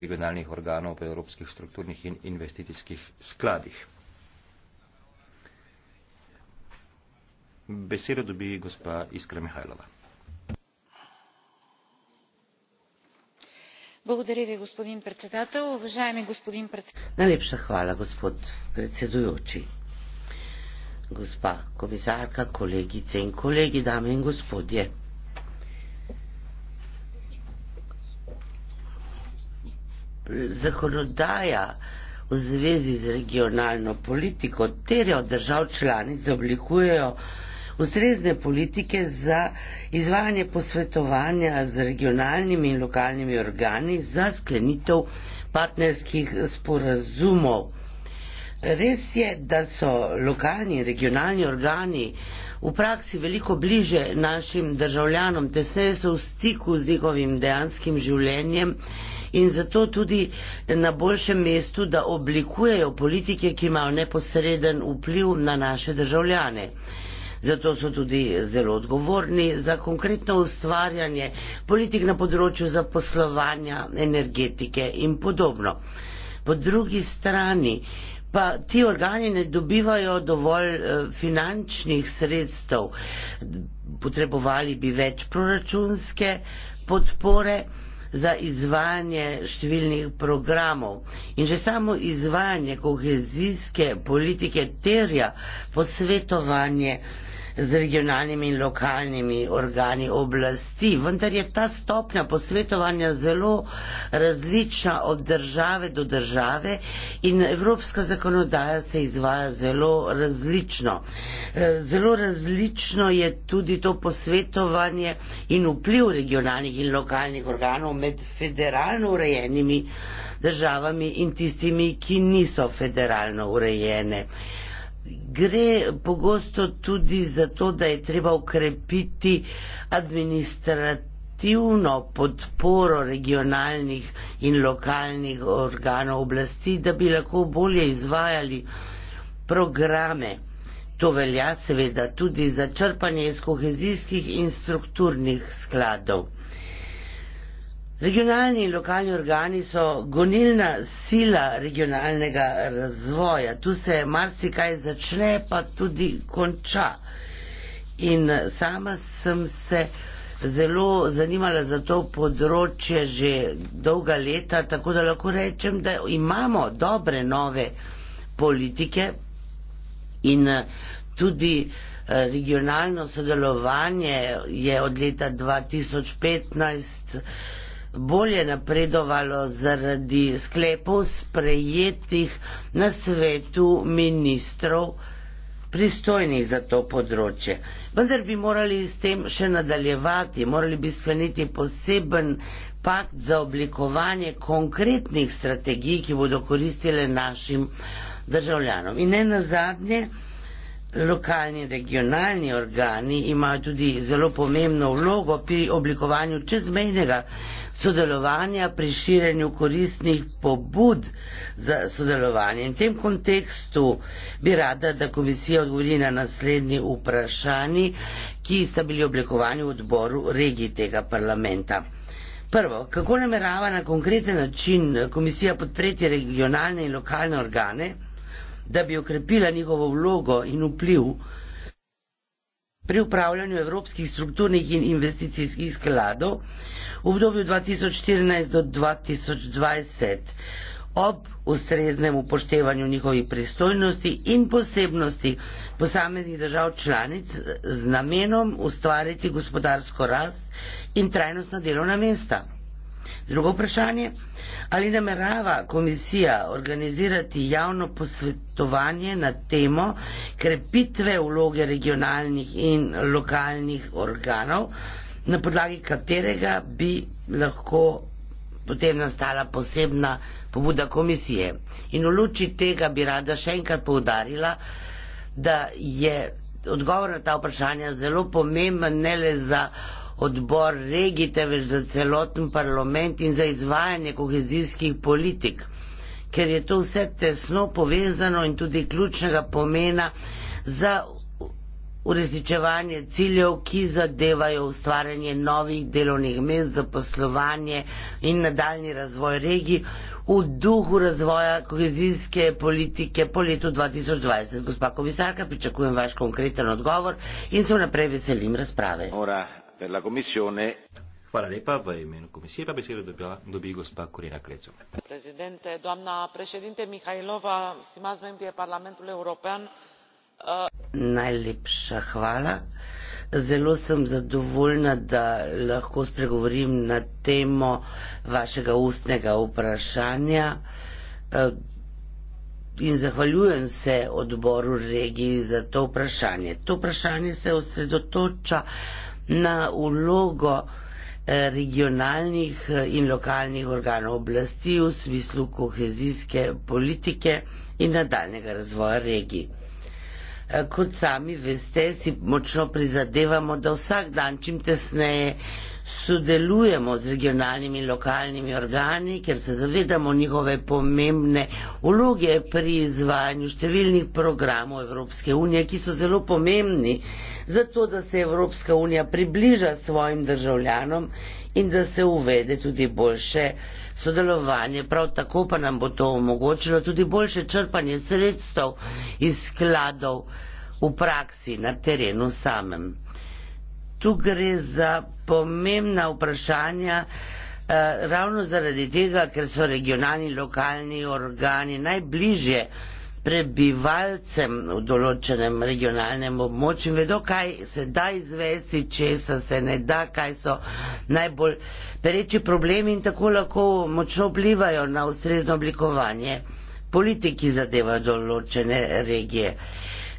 regionalnih organov v evropskih strukturnih in investicijskih skladih. Besedo dobi gospa Iskra Mihajlova. Благодаря ви, господин председател. Уважаеми господин председател. Налепша хвала, господ председующи. Госпа комисарка, колеги, цен колеги, дами и господи. zakonodaja v zvezi z regionalno politiko terja od držav članic, da oblikujejo ustrezne politike za izvajanje posvetovanja z regionalnimi in lokalnimi organi za sklenitev partnerskih sporazumov. Res je, da so lokalni in regionalni organi v praksi veliko bliže našim državljanom, tesneje so v stiku z njihovim dejanskim življenjem in zato tudi na boljšem mestu, da oblikujejo politike, ki imajo neposreden vpliv na naše državljane. Zato so tudi zelo odgovorni za konkretno ustvarjanje politik na področju zaposlovanja, energetike in podobno. Po drugi strani pa ti organi ne dobivajo dovolj eh, finančnih sredstev, potrebovali bi več proračunske podpore za izvajanje številnih programov. In že samo izvajanje kohezijske politike terja posvetovanje z regionalnimi in lokalnimi organi oblasti, vendar je ta stopnja posvetovanja zelo različna od države do države in evropska zakonodaja se izvaja zelo različno. E, zelo različno je tudi to posvetovanje in vpliv regionalnih in lokalnih organov med federalno urejenimi državami in tistimi, ki niso federalno urejene gre pogosto tudi za to, da je treba ukrepiti administrativno podporo regionalnih in lokalnih organov oblasti, da bi lahko bolje izvajali programe. To velja seveda tudi za črpanje iz kohezijskih in strukturnih skladov. Regionalni in lokalni organi so gonilna sila regionalnega razvoja. Tu se marsikaj začne, pa tudi konča. In sama sem se zelo zanimala za to področje že dolga leta, tako da lahko rečem, da imamo dobre nove politike in eh, tudi eh, regionalno sodelovanje je od leta 2015 bolje napredovalo zaradi sklepov sprejetih na svetu ministrov pristojnih za to področje. Vendar bi morali s tem še nadaljevati, morali bi skleniti poseben pakt za oblikovanje konkretnih strategij, ki bodo koristile našim državljanom. In ne nazadnje, Lokalni in regionalni organi imajo tudi zelo pomembno vlogo pri oblikovanju čezmejnega sodelovanja, pri širjenju koristnih pobud za sodelovanje. In v tem kontekstu bi rada, da komisija odgovori na naslednji vprašanji, ki sta bili oblikovani v odboru regij tega parlamenta. Prvo, kako namerava na konkreten način komisija podpreti regionalne in lokalne organe? da bi okrepila njihovo vlogo in vpliv pri upravljanju evropskih strukturnih in investicijskih skladov v obdobju 2014 do 2020 ob ustreznem upoštevanju njihovih pristojnosti in posebnosti posameznih držav članic z namenom ustvariti gospodarsko rast in trajnostna delovna mesta. Drugo vprašanje, ali namerava komisija organizirati javno posvetovanje na temo krepitve vloge regionalnih in lokalnih organov, na podlagi katerega bi lahko potem nastala posebna pobuda komisije. In v luči tega bi rada še enkrat poudarila, da je odgovor na ta vprašanja zelo pomemben ne le za odbor regij, temveč za celoten parlament in za izvajanje kohezijskih politik, ker je to vse tesno povezano in tudi ključnega pomena za uresničevanje ciljev, ki zadevajo ustvarjanje novih delovnih mest za poslovanje in nadaljni razvoj regij v duhu razvoja kohezijske politike po letu 2020. Gospa komisarka, pričakujem vaš konkreten odgovor in se naprej veselim razprave. Ora per la Commissione. Hvala lepa v imenu komisije, pa besedo dobila, dobi gospa Korina Krecu. Prezidente, doamna prezidente Mihajlova, sima zmembi je parlamentul evropen. Uh... Najlepša hvala. Zelo sem zadovoljna, da lahko spregovorim na temo vašega ustnega vprašanja. Uh, in zahvaljujem se odboru regiji za to vprašanje. To vprašanje se osredotoča na ulogo eh, regionalnih eh, in lokalnih organov oblasti v smislu kohezijske politike in nadaljnega razvoja regij. Eh, kot sami veste, si močno prizadevamo, da vsak dan čim tesneje sodelujemo z regionalnimi in lokalnimi organi, ker se zavedamo njihove pomembne uloge pri izvajanju številnih programov Evropske unije, ki so zelo pomembni zato da se Evropska unija približa svojim državljanom in da se uvede tudi boljše sodelovanje. Prav tako pa nam bo to omogočilo tudi boljše črpanje sredstev iz skladov v praksi na terenu samem. Tu gre za pomembna vprašanja. Eh, ravno zaradi tega, ker so regionalni in lokalni organi najbližje prebivalcem v določenem regionalnem območju in vedo, kaj se da izvesti, česa se ne da, kaj so najbolj pereči problemi in tako lahko močno vplivajo na ustrezno oblikovanje politiki zadeva določene regije.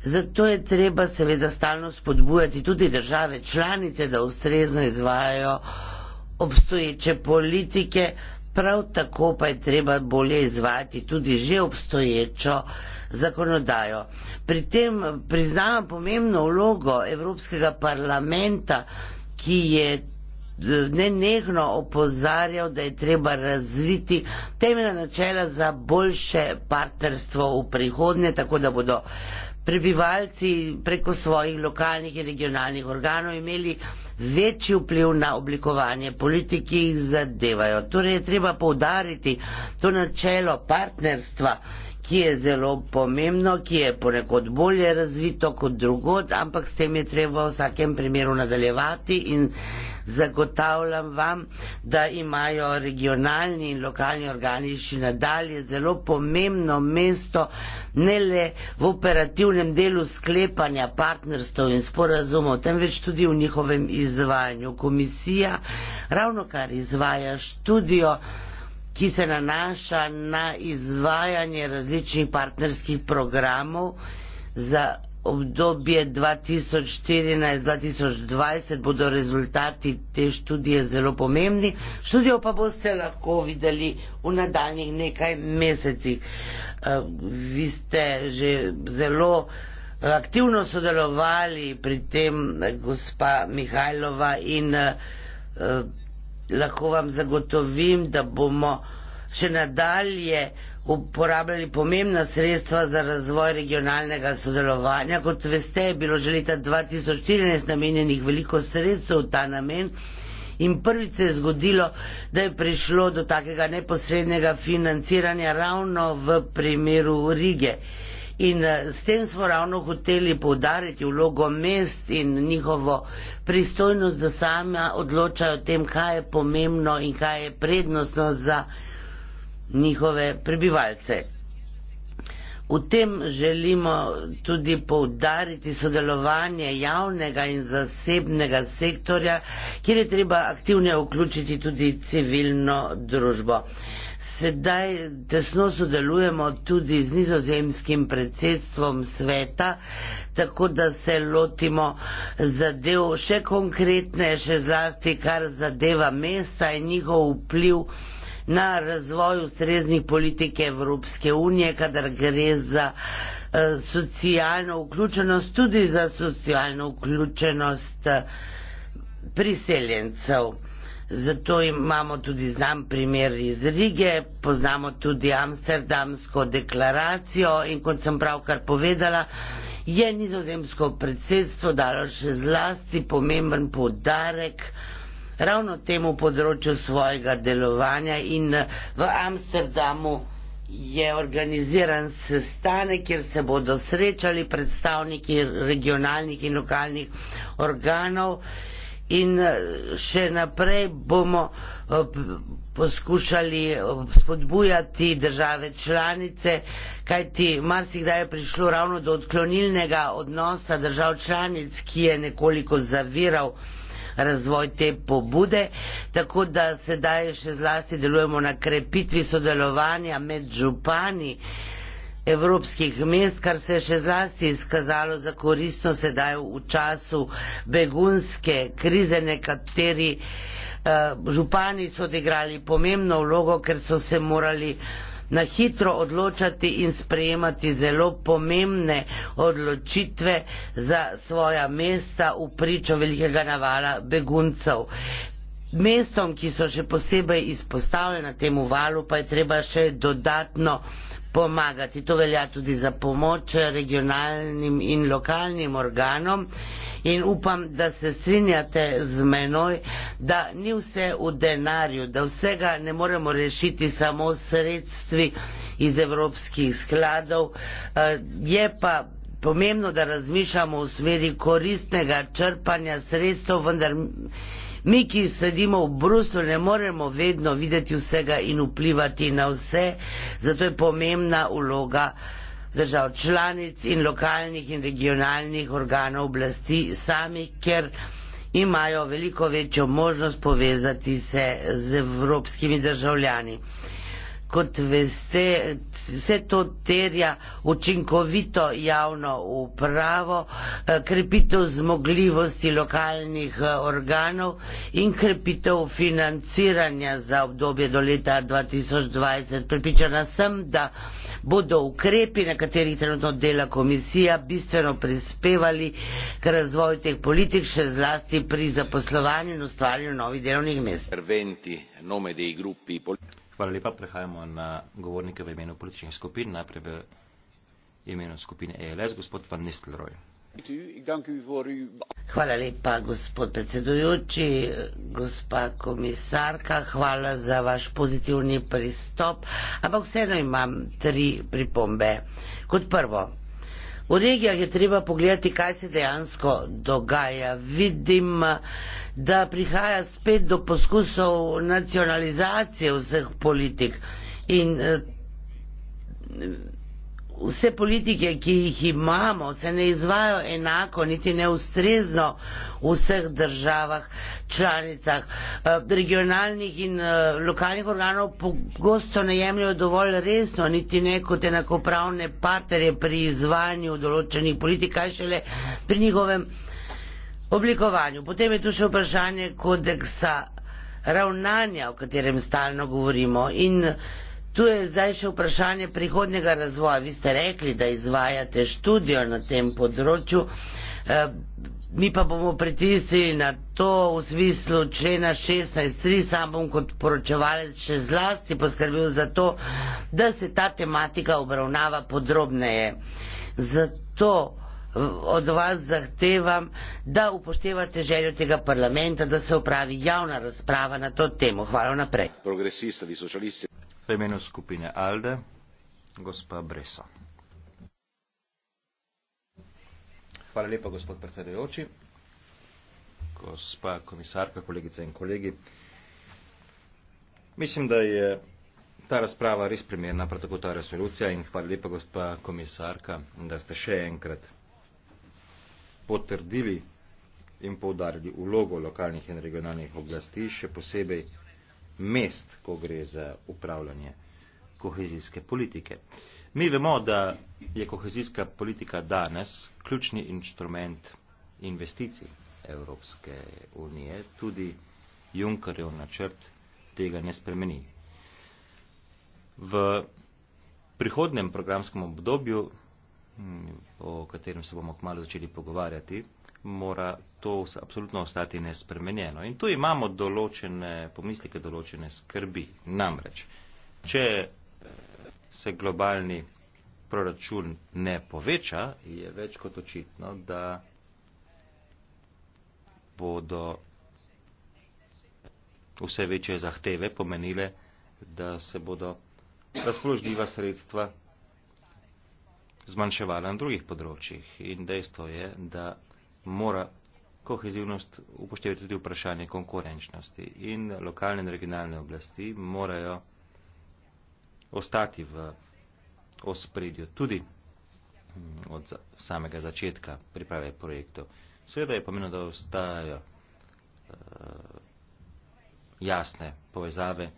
Zato je treba seveda stalno spodbujati tudi države članice, da ustrezno izvajajo obstoječe politike, Prav tako pa je treba bolje izvati tudi že obstoječo zakonodajo. Pri tem priznavam pomembno vlogo Evropskega parlamenta, ki je eh, nenehno opozarjal, da je treba razviti temeljna načela za boljše partnerstvo v prihodnje, tako da bodo prebivalci preko svojih lokalnih in regionalnih organov imeli večji vpliv na oblikovanje politik, ki jih zadevajo. Torej je treba povdariti to načelo partnerstva, ki je zelo pomembno, ki je ponekod bolje razvito kot drugod, ampak s tem je treba v vsakem primeru nadaljevati in Zagotavljam vam, da imajo regionalni in lokalni organi še nadalje zelo pomembno mesto, ne le v operativnem delu sklepanja partnerstv in sporazumov, temveč tudi v njihovem izvajanju. Komisija ravno kar izvaja študijo ki se nanaša na izvajanje različnih partnerskih programov za obdobje 2014-2020 bodo rezultati te študije zelo pomembni. Študijo pa boste lahko videli v nadaljnih nekaj mesecih. Eh, vi ste že zelo aktivno sodelovali pri tem, gospa Mihajlova, in eh, eh, lahko vam zagotovim, da bomo še nadalje uporabljali pomembna sredstva za razvoj regionalnega sodelovanja. Kot veste, je bilo že leta 2014 namenjenih veliko sredstev v ta namen in prvič se je zgodilo, da je prišlo do takega neposrednega financiranja ravno v primeru Rige. In eh, s tem smo ravno hoteli poudariti vlogo mest in njihovo pristojnost, da sama odločajo o tem, kaj je pomembno in kaj je prednostno za njihove prebivalce. V tem želimo tudi poudariti sodelovanje javnega in zasebnega sektorja, kjer je treba aktivno vključiti tudi civilno družbo. Sedaj tesno sodelujemo tudi z nizozemskim predsedstvom sveta, tako da se lotimo zadev še konkretne, še zlasti kar zadeva mesta in njihov vpliv na razvoj ustreznih politik Evropske unije, kadar gre za eh, socialno vključenost, tudi za socialno vključenost eh, priseljencev. Zato imamo tudi znam primer iz Rige, poznamo tudi Amsterdamsko deklaracijo in kot sem pravkar povedala, je nizozemsko predsedstvo dalo še zlasti pomemben podarek ravno temu področju svojega delovanja in eh, v Amsterdamu je organiziran sestanek, kjer se bodo srečali predstavniki regionalnih in lokalnih organov in eh, še naprej bomo eh, poskušali spodbujati države članice, kajti marsikdaj je prišlo ravno do odklonilnega odnosa držav članic, ki je nekoliko zaviral razvoj te pobude, tako da sedaj še zlasti delujemo na krepitvi sodelovanja med župani evropskih mest, kar se je še zlasti izkazalo za koristno sedaj v času begunske krize, nekateri uh, župani so odigrali pomembno vlogo, ker so se morali na hitro odločati in sprejemati zelo pomembne odločitve za svoja mesta v pričo velikega navala beguncev. Mestom, ki so še posebej izpostavljena temu valu, pa je treba še dodatno pomagati. To velja tudi za pomoč regionalnim in lokalnim organom in upam, da se strinjate z menoj, da ni vse v denarju, da vsega ne moremo rešiti samo s sredstvi iz evropskih skladov. Eh, je pa pomembno, da razmišljamo v smeri koristnega črpanja sredstev, vendar. Mi, ki sedimo v Bruslu, ne moremo vedno videti vsega in vplivati na vse, zato je pomembna uloga uh, držav članic in lokalnih in regionalnih organov oblasti samih, ker imajo veliko večjo možnost povezati se z evropskimi državljani kot veste, vse to terja učinkovito javno upravo, eh, krepitev zmogljivosti lokalnih eh, organov in krepitev financiranja za obdobje do leta 2020. Pripričana sem, da bodo ukrepi, na katerih trenutno dela komisija, bistveno prispevali k razvoju teh politik, še zlasti pri zaposlovanju in ustvarjanju novih delovnih mest. Hvala lepa. Prehajamo na govornike v imenu političnih skupin. Najprej v imenu skupine ELS, gospod Van Nistelrooy. Hvala lepa, gospod predsedujoči, gospa komisarka, hvala za vaš pozitivni pristop, ampak vseeno imam tri pripombe. Kot prvo, V regijah je treba pogledati, kaj se dejansko dogaja. Vidim, da prihaja spet do poskusov nacionalizacije vseh politik in eh, vse politike, ki jih imamo, se ne izvajo enako, niti neustrezno v vseh državah, članicah, eh, regionalnih in eh, lokalnih organov pogosto ne jemljajo dovolj resno, niti ne kot enakopravne partnerje pri izvajanju določenih politik, kaj šele pri njihovem oblikovanju. Potem je tu še vprašanje kodeksa ravnanja, o katerem stalno govorimo. In Tu je zdaj še vprašanje prihodnjega razvoja. Vi ste rekli, da izvajate študijo na tem področju. Eh, mi pa bomo pritisnili na to v smislu člena 16.3. Sam bom kot poročevalec še zlasti poskrbel za to, da se ta tematika obravnava podrobneje. Zato eh, od vas zahtevam, da upoštevate željo tega parlamenta, da se upravi javna razprava na to temo. Hvala naprej. Progresista, socialisti. V imenu skupine Alde, gospa Breso. Hvala lepa, gospod predsedujoči. Gospa komisarka, kolegice in kolegi. Mislim, da je ta razprava res primerna, prav tako ta resolucija in hvala lepa, gospa komisarka, da ste še enkrat potrdili in poudarili vlogo lokalnih in regionalnih oblasti, še posebej mest, ko gre za upravljanje kohezijske politike. Mi vemo, da je kohezijska politika danes ključni inštrument investicij Evropske unije, tudi Junkerjev načrt tega ne spremeni. V prihodnem programskem obdobju, o katerem se bomo kmalo začeli pogovarjati, mora to absolutno ostati nespremenjeno. In tu imamo določene pomislike, določene skrbi. Namreč, če eh, se globalni proračun ne poveča, je več kot očitno, da bodo vse večje zahteve pomenile, da se bodo razpoložljiva sredstva zmanjševala na drugih področjih. In dejstvo je, da mora kohezivnost upoštevati tudi vprašanje konkurenčnosti in lokalne in regionalne oblasti morajo ostati v ospredju tudi mm, od samega začetka priprave projektov. Seveda je pomeno, da ostajajo uh, jasne povezave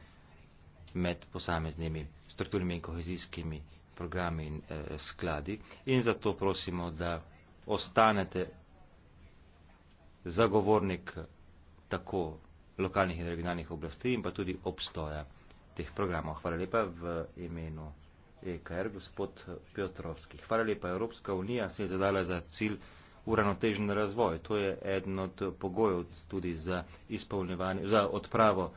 med posameznimi strukturnimi in kohezijskimi programi in uh, skladi in zato prosimo, da ostanete zagovornik tako lokalnih in regionalnih oblasti in pa tudi obstoja teh programov. Hvala lepa v imenu EKR, gospod Piotrovski. Hvala lepa, Evropska unija se je zadala za cilj uravnotežen razvoj. To je eden od pogojev tudi za, za odpravo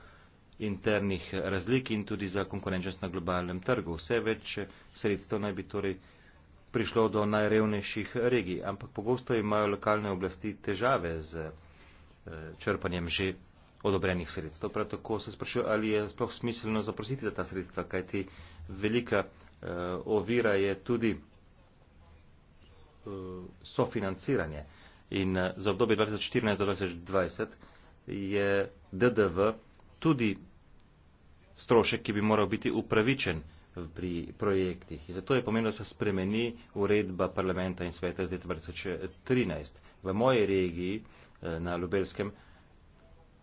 internih razlik in tudi za konkurenčnost na globalnem trgu. Vse več sredstev naj bi torej prišlo do najrevnejših regij, ampak pogosto imajo lokalne oblasti težave z eh, črpanjem že odobrenih sredstev. Prav tako se sprašujem, ali je sploh smiselno zaprositi za ta sredstva, kajti velika uh, ovira je tudi uh, sofinanciranje. In uh, za obdobje 2014-2020 je DDV tudi strošek, ki bi moral biti upravičen uh, pri projektih. Zato je pomembno, da se spremeni uredba parlamenta in sveta iz leta 2013. V moji regiji eh, na Ljubelskem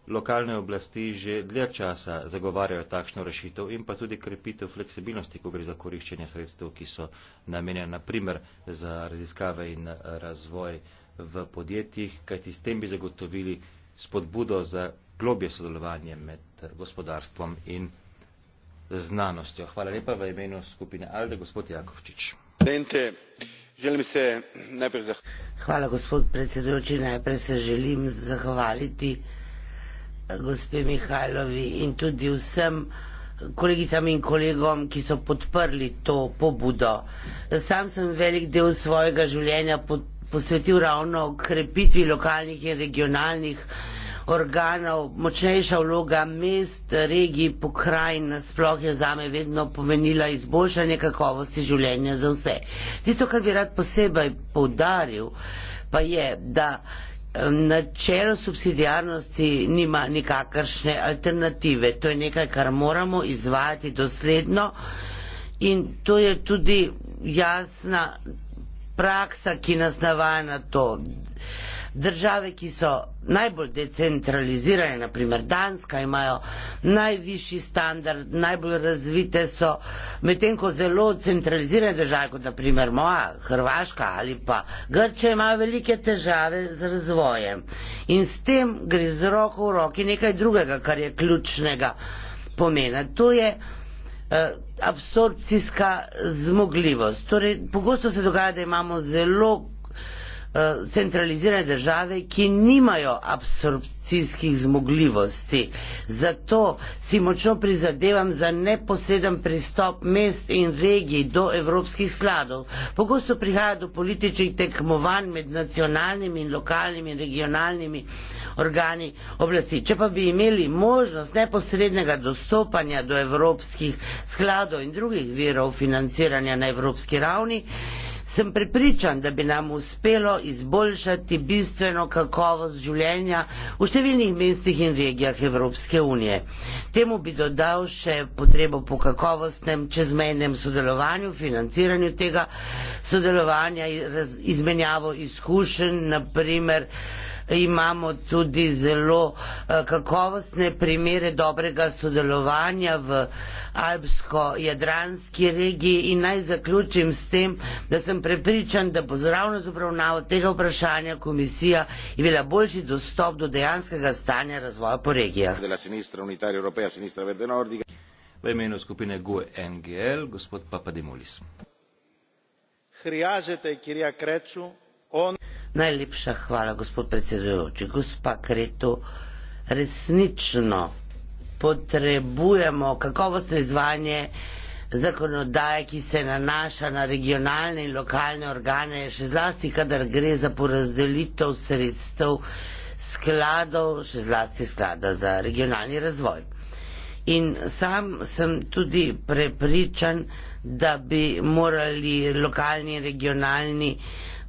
lokalne oblasti že dlje časa zagovarjajo takšno rešitev in pa tudi krepitev fleksibilnosti, ko gre za koriščenje sredstev, ki so namenjena naprimer za raziskave in eh, razvoj v podjetjih, kajti s tem bi zagotovili spodbudo za globje sodelovanje med eh, gospodarstvom in znanostjo. hvala lepa v imenu skupine alde gospod jakovčič. hvala gospod predsedujoči. najprej se želim zahvaliti eh, gospe mihajlovi in tudi vsem kolegicam in kolegom, ki so podprli to pobudo. Sam sem velik del svojega življenja posvetil ravno krepitvi lokalnih in regionalnih organov, močnejša vloga mest, regij, pokrajin sploh je zame vedno pomenila izboljšanje kakovosti življenja za vse. Tisto, kar bi rad posebej poudaril, pa je, da načelo subsidijarnosti nima nikakršne alternative. To je nekaj, kar moramo izvajati dosledno in to je tudi jasna praksa, ki nas navaja na to, države, ki so najbolj decentralizirane, naprimer Danska, imajo najvišji standard, najbolj razvite so, medtem ko zelo centralizirane države, kot naprimer moja Hrvaška ali pa Grče, imajo velike težave z razvojem. In s tem gre z roko v roki nekaj drugega, kar je ključnega pomena. To je eh, absorpcijska zmogljivost. Torej, pogosto se dogaja, da imamo zelo Eh, centralizirane države, ki nimajo absorpcijskih zmogljivosti. Zato si močno prizadevam za neposreden pristop mest in regij do evropskih skladov. Pogosto prihaja do političnih tekmovanj med nacionalnimi in lokalnimi in regionalnimi organi oblasti. Če pa bi imeli možnost neposrednega dostopanja do evropskih skladov in drugih virov financiranja na evropski ravni, sem prepričan, da bi nam uspelo izboljšati bistveno kakovost življenja v številnih mestih in regijah Evropske unije. Temu bi dodal še potrebo po kakovostnem čezmejnem sodelovanju, financiranju tega sodelovanja, izmenjavo izkušenj, naprimer imamo tudi zelo eh, kakovostne primere dobrega sodelovanja v Alpsko-Jadranski regiji in naj zaključim s tem, da sem prepričan, da bo zravno z obravnavo tega vprašanja komisija imela boljši dostop do dejanskega stanja razvoja po regijah. V imenu skupine GUE NGL, gospod Papadimulis. Najlepša hvala, gospod predsedujoči. Gospa Kreto, resnično potrebujemo kakovostno izvajanje zakonodaje, ki se nanaša na regionalne in lokalne organe, še zlasti, kadar gre za porazdelitev sredstev skladov, še zlasti sklada za regionalni razvoj. In sam sem tudi prepričan, da bi morali lokalni in regionalni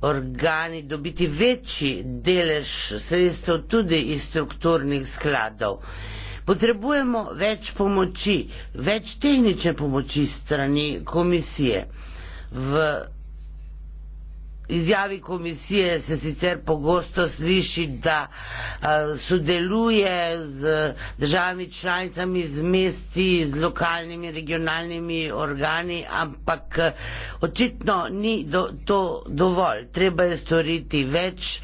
organi dobiti večji delež sredstev tudi iz strukturnih skladov. Potrebujemo več pomoči, več tehnične pomoči strani komisije. V izjavi komisije se sicer pogosto sliši, da sodeluje z državami članicami, z mesti, z lokalnimi, regionalnimi organi, ampak očitno ni do, to dovolj. Treba je storiti več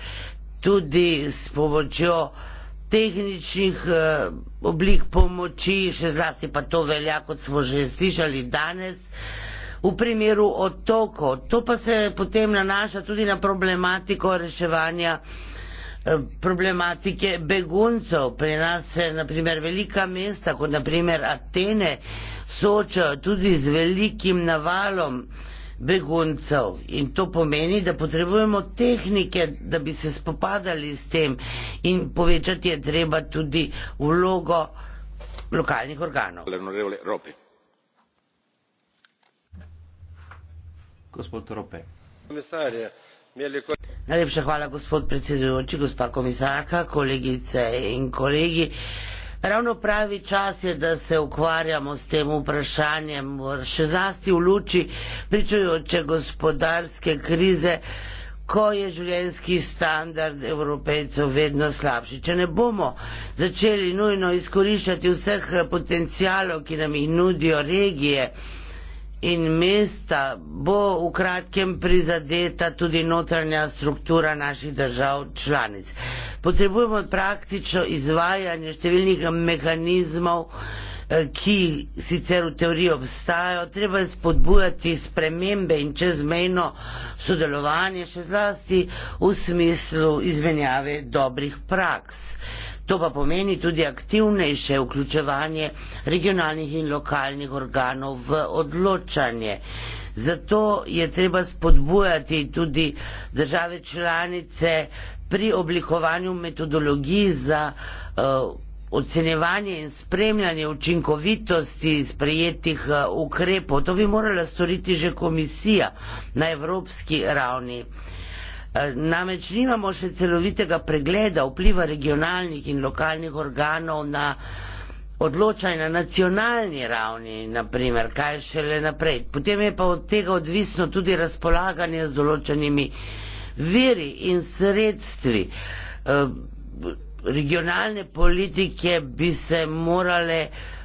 tudi s pomočjo tehničnih oblik pomoči, še zlasti pa to velja, kot smo že slišali danes v primeru otokov. To pa se potem nanaša tudi na problematiko reševanja eh, problematike beguncev. Pri nas se naprimer velika mesta, kot naprimer Atene, soočajo tudi z velikim navalom beguncev in to pomeni, da potrebujemo tehnike, da bi se spopadali s tem in povečati je treba tudi vlogo lokalnih organov. najlepša hvala gospod predsedujoči gospa komisarka kolegice in kolegi ravno pravi čas je da se ukvarjamo s tem vprašanjem še zlasti v luči pričujoče gospodarske krize ko je življenjski standard evropejcev vedno slabši. Če ne bomo začeli nujno izkoriščati vseh potencijalov, ki nam jih nudijo regije, in mesta bo v kratkem prizadeta tudi notranja struktura naših držav članic. Potrebujemo praktično izvajanje številnih mehanizmov, eh, ki sicer v teoriji obstajajo, treba je spodbujati spremembe in čezmejno sodelovanje, še zlasti v smislu izmenjave dobrih praks. To pa pomeni tudi aktivnejše vključevanje regionalnih in lokalnih organov v odločanje. Zato je treba spodbujati tudi države članice pri oblikovanju metodologij za uh, ocenjevanje in spremljanje učinkovitosti sprejetih uh, ukrepov. To bi morala storiti že komisija na evropski ravni. Uh, Eh, namreč nimamo še celovitega pregleda vpliva regionalnih in lokalnih organov na odločanje na nacionalni ravni, naprimer, kaj šele naprej. Potem je pa od tega odvisno tudi razpolaganje z določenimi viri in sredstvi. Eh, regionalne politike bi se morale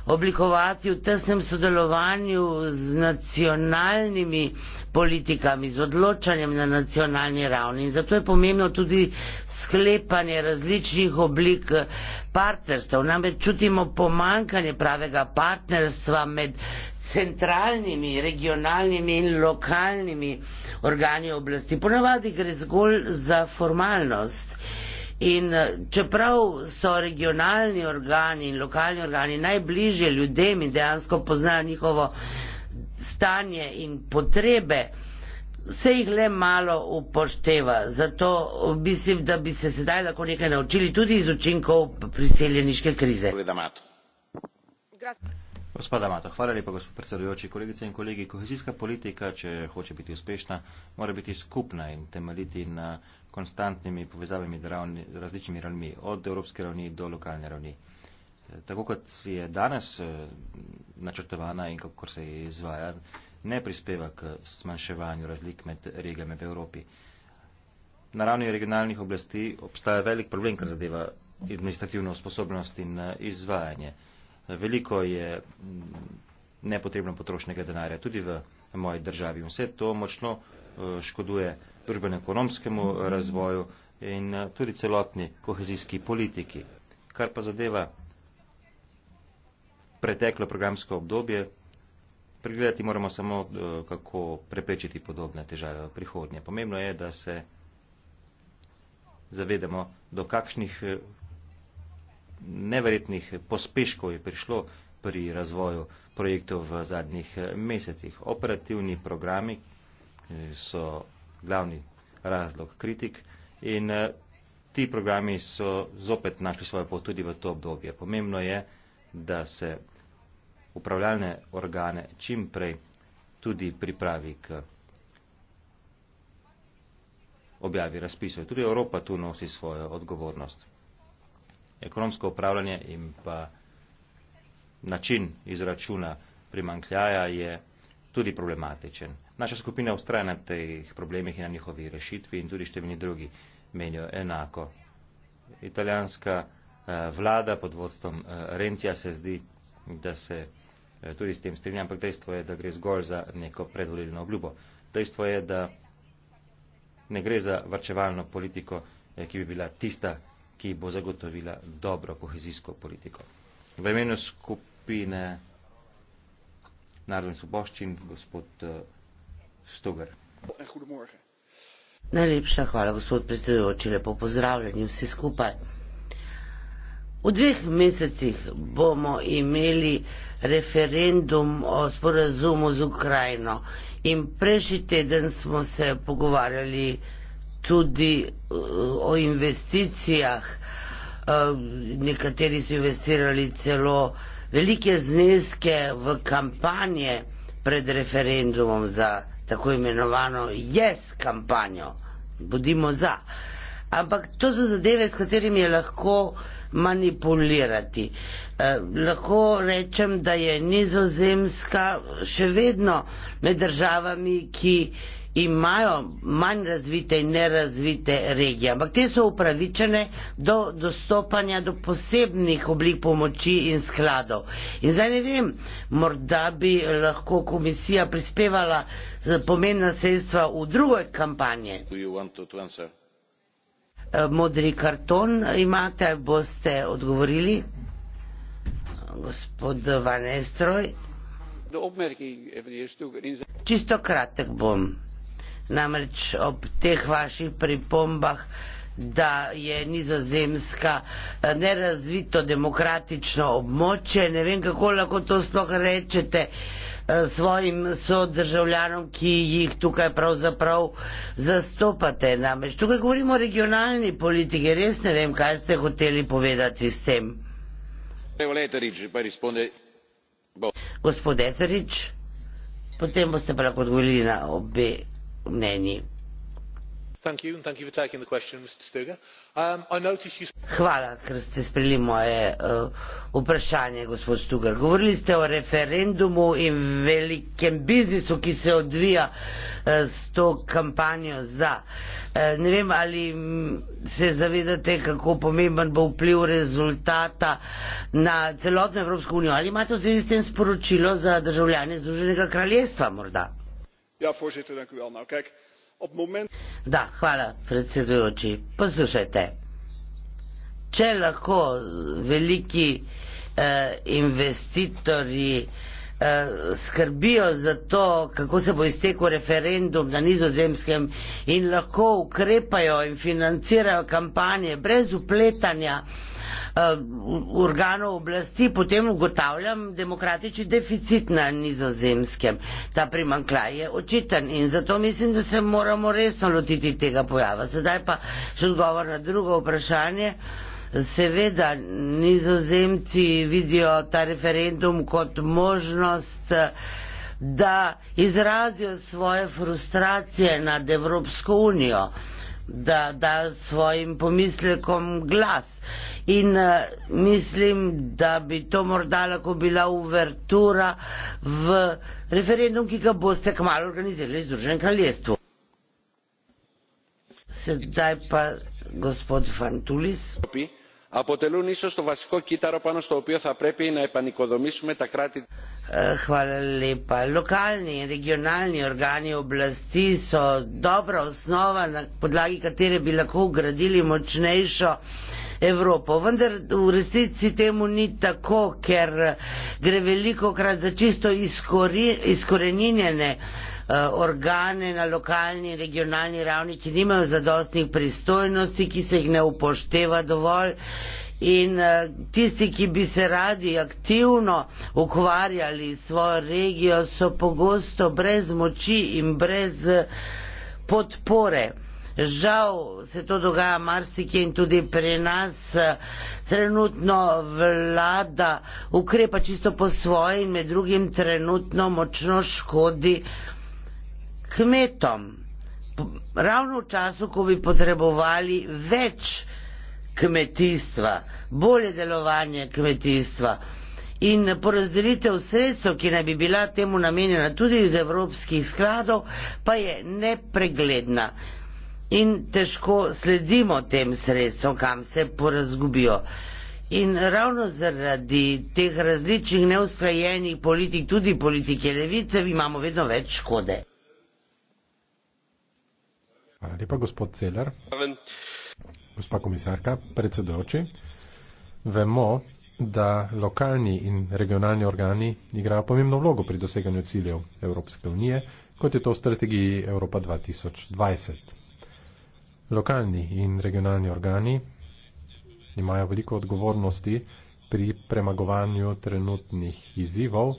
oblikovati v tesnem sodelovanju z nacionalnimi organi politikami, z odločanjem na nacionalni ravni. In zato je pomembno tudi sklepanje različnih oblik eh, partnerstva. Namreč čutimo pomankanje pravega partnerstva med centralnimi, regionalnimi in lokalnimi organi oblasti. Ponavadi gre zgolj za formalnost. In eh, čeprav so regionalni organi in lokalni organi najbližje ljudem in dejansko poznajo njihovo stanje in potrebe, se jih le malo upošteva. Zato mislim, da bi se sedaj lahko nekaj naučili tudi iz učinkov priseljeniške krize. Gospod Amato, hvala lepa, gospod predsedujoči, kolegice in kolegi. Kohezijska politika, če hoče biti uspešna, mora biti skupna in temeljiti na konstantnimi povezavami z različnimi ravni, od evropske ravni do lokalne ravni tako kot je danes eh, načrtovana in kako se je izvaja, ne prispeva k smanjševanju razlik med regijami v Evropi. Na ravni regionalnih oblasti obstaja velik problem, kar zadeva administrativno sposobnost in eh, izvajanje. Veliko je mm, nepotrebno potrošnega denarja tudi v moji državi. Vse to močno eh, škoduje družbeno-ekonomskemu razvoju in tudi celotni kohezijski politiki. Kar pa zadeva preteklo programsko obdobje, pregledati moramo samo, eh, kako preprečiti podobne težave v prihodnje. Pomembno je, da se zavedamo, do kakšnih eh, neverjetnih pospeškov je prišlo pri razvoju projektov v zadnjih eh, mesecih. Operativni programi so glavni razlog kritik in ti programi so zopet našli svojo pot tudi v to obdobje. Pomembno je, da se upravljalne organe čim prej tudi pripravi k objavi razpisov. Tudi Evropa tu nosi svojo odgovornost. Ekonomsko upravljanje in pa način izračuna primankljaja je tudi problematičen. Naša skupina ustraja na teh problemih in na njihovi rešitvi in tudi številni drugi menijo enako. Italijanska eh, vlada pod vodstvom eh, Rencija se zdi, da se Eh, tudi s tem strinjam, ampak dejstvo je, da gre zgolj za neko predvolilno obljubo. Dejstvo je, da ne gre za vrčevalno politiko, eh, ki bi bila tista, ki bo zagotovila dobro kohezijsko politiko. V imenu skupine Narodni soboščin, gospod eh, Stogar. Najlepša hvala, gospod predsedujoči, lepo pozdravljeni vsi skupaj. V dveh mesecih bomo imeli referendum o sporazumu z Ukrajino in prejšnji teden smo se pogovarjali tudi eh, o investicijah. Eh, nekateri so investirali celo velike zneske v kampanje pred referendumom za tako imenovano jaz yes kampanjo. Budimo za. Uh, Ampak to so zadeve, s katerimi je lahko manipulirati. Eh, lahko rečem, da je nizozemska še vedno med državami, ki imajo manj razvite in nerazvite regije, ampak te so upravičene do dostopanja do posebnih oblik pomoči in skladov. In zdaj ne vem, morda bi lahko komisija prispevala pomembna sredstva v druge kampanje modri karton imate, boste odgovorili. Gospod Vanestroj. Čisto kratek bom. Namreč ob teh vaših pripombah, da je nizozemska eh, nerazvito demokratično območje, ne vem kako lahko to sploh rečete. Uh, Eh, svojim sodržavljanom, ki jih tukaj pravzaprav zastopate. Namreč tukaj govorimo o regionalni politiki, res ne vem, kaj ste hoteli povedati s tem. Gospod Eterič, potem boste pa lahko odgovorili na obe mnenji. Um, hvala ker ste sprejeli moje uh, vprašanje gospod stuger govorili ste o referendumu in velikem biznisu ki se odvija uh, s to kampanjo za uh, ne vem ali mm, se zavedate kako pomemben bo vpliv rezultata na celotno evropsko unijo ali imate v zvezi s tem sporočilo za državljane združenega kraljestva morda ja voorzitter dank u wel nou kijk ob moment. Da, hvala predsedujoči. Poslušajte. Če lahko veliki eh, investitorji eh, skrbijo za to, kako se bo iztekel referendum na nizozemskem in lahko ukrepajo in financirajo kampanje brez upletanja, uh, organov oblasti, potem ugotavljam demokratični deficit na nizozemskem. Ta primankljaj je očiten in zato mislim, da se moramo resno lotiti tega pojava. Sedaj pa še odgovor na drugo vprašanje. Seveda nizozemci vidijo ta referendum kot možnost, da izrazijo svoje frustracije nad Evropsko unijo, da dajo svojim pomislekom glas in uh, mislim, da bi to morda lahko bila uvertura v referendum, ki ga boste kmalo organizirali v Združenem kraljestvu. Sedaj pa gospod Fantulis. Αποτελούν ίσω το βασικό κύτταρο πάνω στο οποίο θα πρέπει να επανοικοδομήσουμε τα κράτη. Χαλά, λίπα. Λοκάλνοι, ρεγιονάλνοι οργάνοι οπλαστή, ο Ντόπρο, Σνόβα, να ποντλάγει κατήρε μπιλακού, γκρατήλι, μοτσνέισο. Evropo. Vendar v resnici temu ni tako, ker gre veliko krat za čisto izkoreninjene eh, organe na lokalni in regionalni ravni, ki nimajo zadostnih pristojnosti, ki se jih ne upošteva dovolj. In eh, tisti, ki bi se radi aktivno ukvarjali s svojo regijo, so pogosto brez moči in brez eh, podpore. Žal se to dogaja marsikje in tudi pri nas. Trenutno vlada ukrepa čisto po svoji in med drugim trenutno močno škodi kmetom. Ravno v času, ko bi potrebovali več kmetijstva, bolje delovanje kmetijstva in porazdelitev sredstev, ki naj bi bila temu namenjena tudi iz evropskih skladov, pa je nepregledna in težko sledimo tem sredstvom, kam se porazgubijo. In ravno zaradi teh različnih neusklajenih politik, tudi politike levice, imamo vedno več škode. Hvala lepa, gospod Celer. Gospa komisarka, predsedoči, vemo, da lokalni in regionalni organi igrajo pomembno vlogo pri doseganju ciljev Evropske unije, kot je to v strategiji Evropa 2020. Lokalni in regionalni organi imajo veliko odgovornosti pri premagovanju trenutnih izzivov,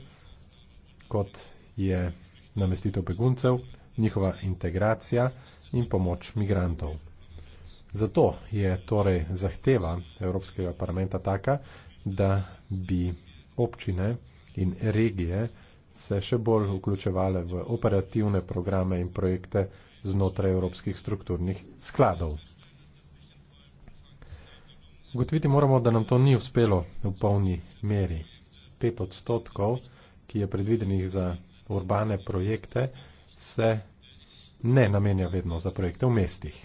kot je namestitev beguncev, njihova integracija in pomoč migrantov. Zato je torej zahteva Evropskega parlamenta taka, da bi občine in regije se še bolj vključevale v operativne programe in projekte znotraj evropskih strukturnih skladov. Ugotoviti moramo, da nam to ni uspelo v polni meri. Pet odstotkov, ki je predvidenih za urbane projekte, se ne namenja vedno za projekte v mestih.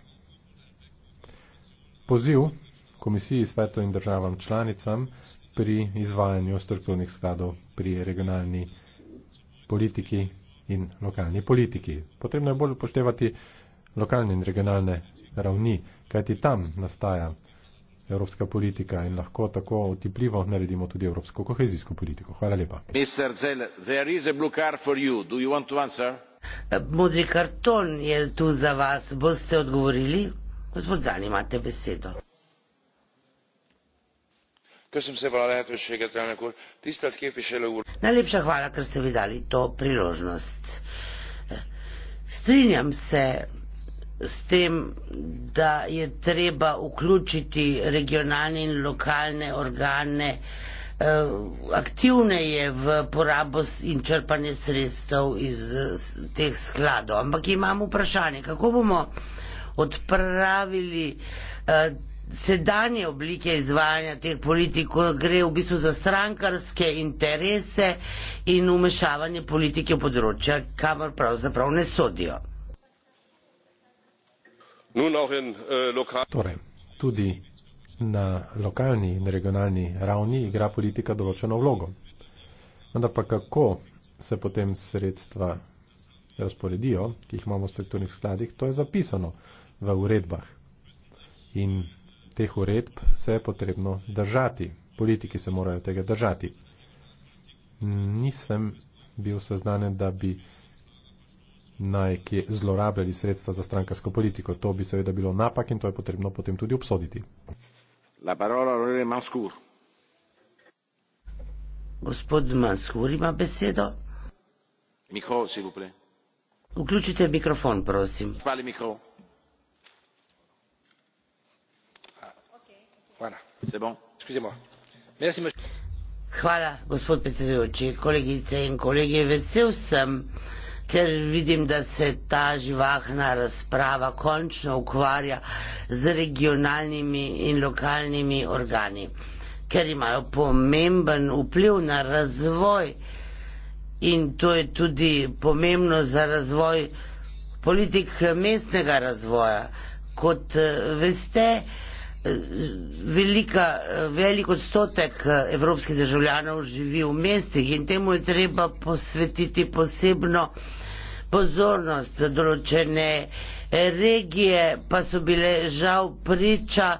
Poziv komisiji svetu in državam članicam pri izvajanju strukturnih skladov pri regionalni politiki in lokalni politiki. Potrebno je bolj upoštevati lokalne in regionalne ravni, kajti tam nastaja evropska politika in lahko tako otipljivo naredimo tudi evropsko kohezijsko politiko. Hvala lepa. E, modri karton je tu za vas. Boste odgovorili? Gospod Zan, imate besedo najlepša hvala ker ste mi dali to priložnost strinjam se s tem da je treba vključiti regionalne in lokalne organe eh, aktivne je v porabo in črpanje sredstev iz teh skladov ampak imam vprašanje kako bomo odpravili eh, sedanje oblike izvajanja teh politik, ko gre v bistvu za strankarske interese in umešavanje politike v področja, kamor pravzaprav ne sodijo. Äh, torej, tudi na lokalni in regionalni ravni igra politika določeno vlogo. Vendar pa kako se potem sredstva razporedijo, ki jih imamo v strukturnih skladih, to je zapisano v uredbah. In teh uredb se je potrebno držati. Politiki se morajo tega držati. Nisem bil seznanjen, da bi najkje zlorabljali sredstva za strankarsko politiko. To bi seveda bilo napak in to je potrebno potem tudi obsoditi. La parola onore Mascur. Gospod Mascur ima besedo. Mikro, si lupe. Vključite mikrofon, prosim. Hvala, mikro. Hvala, gospod predsedujoči. Kolegice in kolege, vesel sem, ker vidim, da se ta živahna razprava končno ukvarja z regionalnimi in lokalnimi organi, ker imajo pomemben vpliv na razvoj in to je tudi pomembno za razvoj politik mestnega razvoja. Kot eh, veste, velika, velik odstotek eh, evropskih državljanov živi v mestih in temu je treba posvetiti posebno pozornost. Določene eh, regije pa so bile žal priča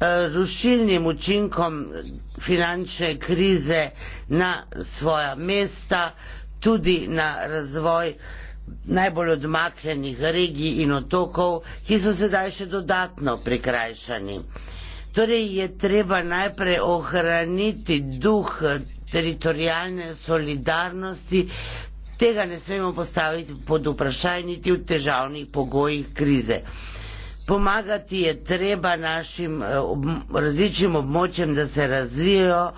eh, rušilnim učinkom finančne krize na svoja mesta, tudi na razvoj najbolj odmaknjenih regij in otokov, ki so sedaj še dodatno prikrajšani. Torej je treba najprej ohraniti duh teritorijalne solidarnosti, tega ne smemo postaviti pod vprašaj niti v težavnih pogojih krize pomagati je treba našim eh, različnim območjem, da se razvijajo,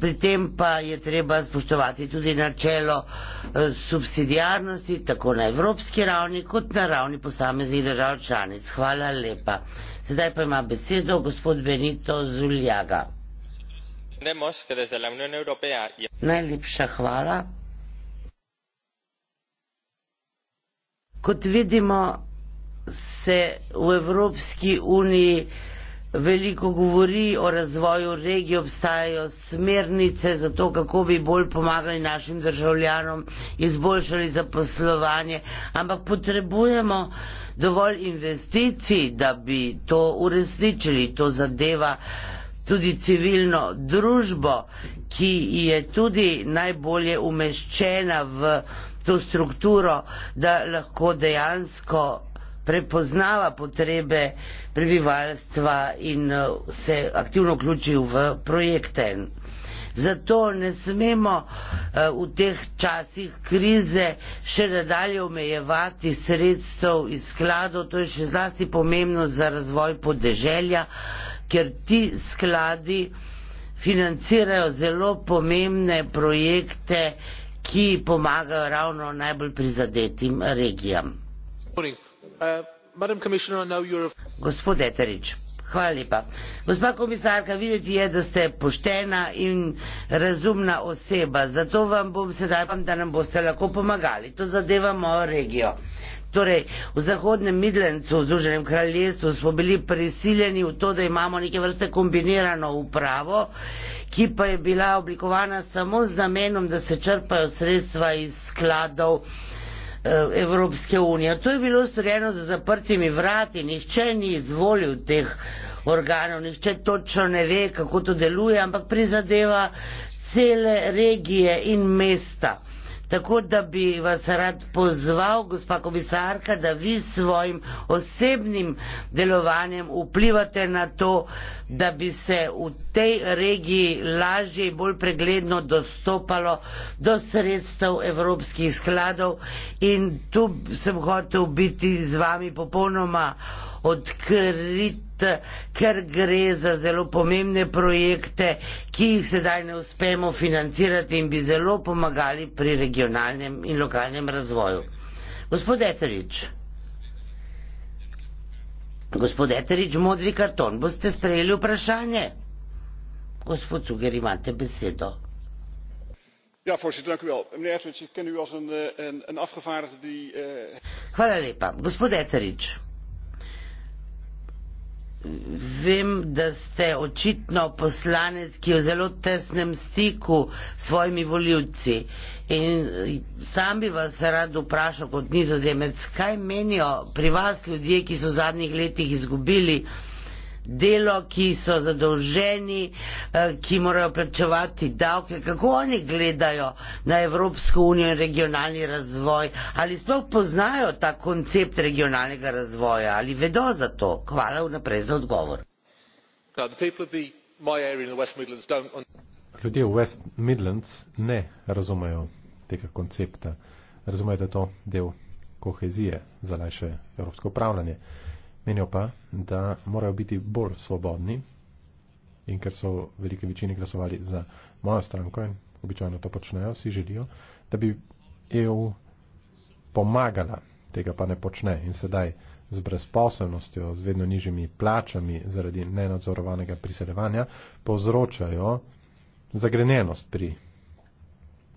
pri tem pa je treba spoštovati tudi načelo eh, subsidijarnosti, tako na evropski ravni, kot na ravni posameznih držav članic. Hvala lepa. Sedaj pa ima besedo gospod Benito Zuljaga. Najlepša hvala. Kot vidimo, se v Evropski uniji veliko govori o razvoju regij, obstajajo smernice za to, kako bi bolj pomagali našim državljanom, izboljšali zaposlovanje, ampak potrebujemo dovolj investicij, da bi to uresničili. To zadeva tudi civilno družbo, ki je tudi najbolje umeščena v to strukturo, da lahko dejansko prepoznava potrebe prebivalstva in eh, se aktivno vključil v projekte. Zato ne smemo eh, v teh časih krize še nadalje omejevati sredstev iz skladov, to je še zlasti pomembno za razvoj podeželja, ker ti skladi financirajo zelo pomembne projekte, ki pomagajo ravno najbolj prizadetim regijam. Torej, Uh, gospod Eterič, hvala lepa. Gospa komisarka, videti je, da ste poštena in razumna oseba, zato vam bom sedaj vam, da nam boste lahko pomagali. To zadeva mojo regijo. Torej, v Zahodnem Midlencu, v Združenem kraljestvu smo bili prisiljeni v to, da imamo neke vrste kombinirano upravo, ki pa je bila oblikovana samo z namenom, da se črpajo sredstva iz skladov Eh, Evropske unije. To je bilo storjeno za zaprtimi vrati, nihče ni izvolil teh organov, nihče točno ne ve, kako to deluje, ampak prizadeva cele regije in mesta. Tako da bi vas rad pozval, gospa komisarka, da vi s svojim osebnim delovanjem vplivate na to, da bi se v tej regiji lažje in bolj pregledno dostopalo do sredstev evropskih skladov in tu sem hotel biti z vami popolnoma odkriti, ker gre za zelo pomembne projekte, ki jih sedaj ne uspemo financirati in bi zelo pomagali pri regionalnem in lokalnem razvoju. Gospod Eterič, gospod Eterič, modri karton, boste sprejeli vprašanje? Gospod Cuger, imate besedo. Ja, voorzitter, dank u wel. Meneer Etterich, ik ken u als een, eh, een, een afgevaardigde die. Uh... Hvala lepa. Gospod Eterich, vem, da ste očitno poslanec, ki je v zelo tesnem stiku s svojimi voljivci. In eh, sam bi vas rad vprašal kot nizozemec, kaj menijo pri vas ljudje, ki so v zadnjih letih izgubili delo, ki so zadolženi, eh, ki morajo plačevati davke, kako oni gledajo na Evropsko unijo in regionalni razvoj, ali sploh poznajo ta koncept regionalnega razvoja, ali vedo za to. Hvala vnaprej za odgovor ljudje v west midlands ne razumejo tega koncepta razumejo da je to del kohezije za lajše evropsko upravljanje menijo pa da morajo biti bolj svobodni in ker so velike večine glasovali za mojo stranko in običajno to počnejo si želijo da bi EU pomagala tega pa ne počne in sedaj z brezposobnostjo, z vedno nižjimi plačami zaradi nenadzorovanega priseljevanja, povzročajo zagrenjenost pri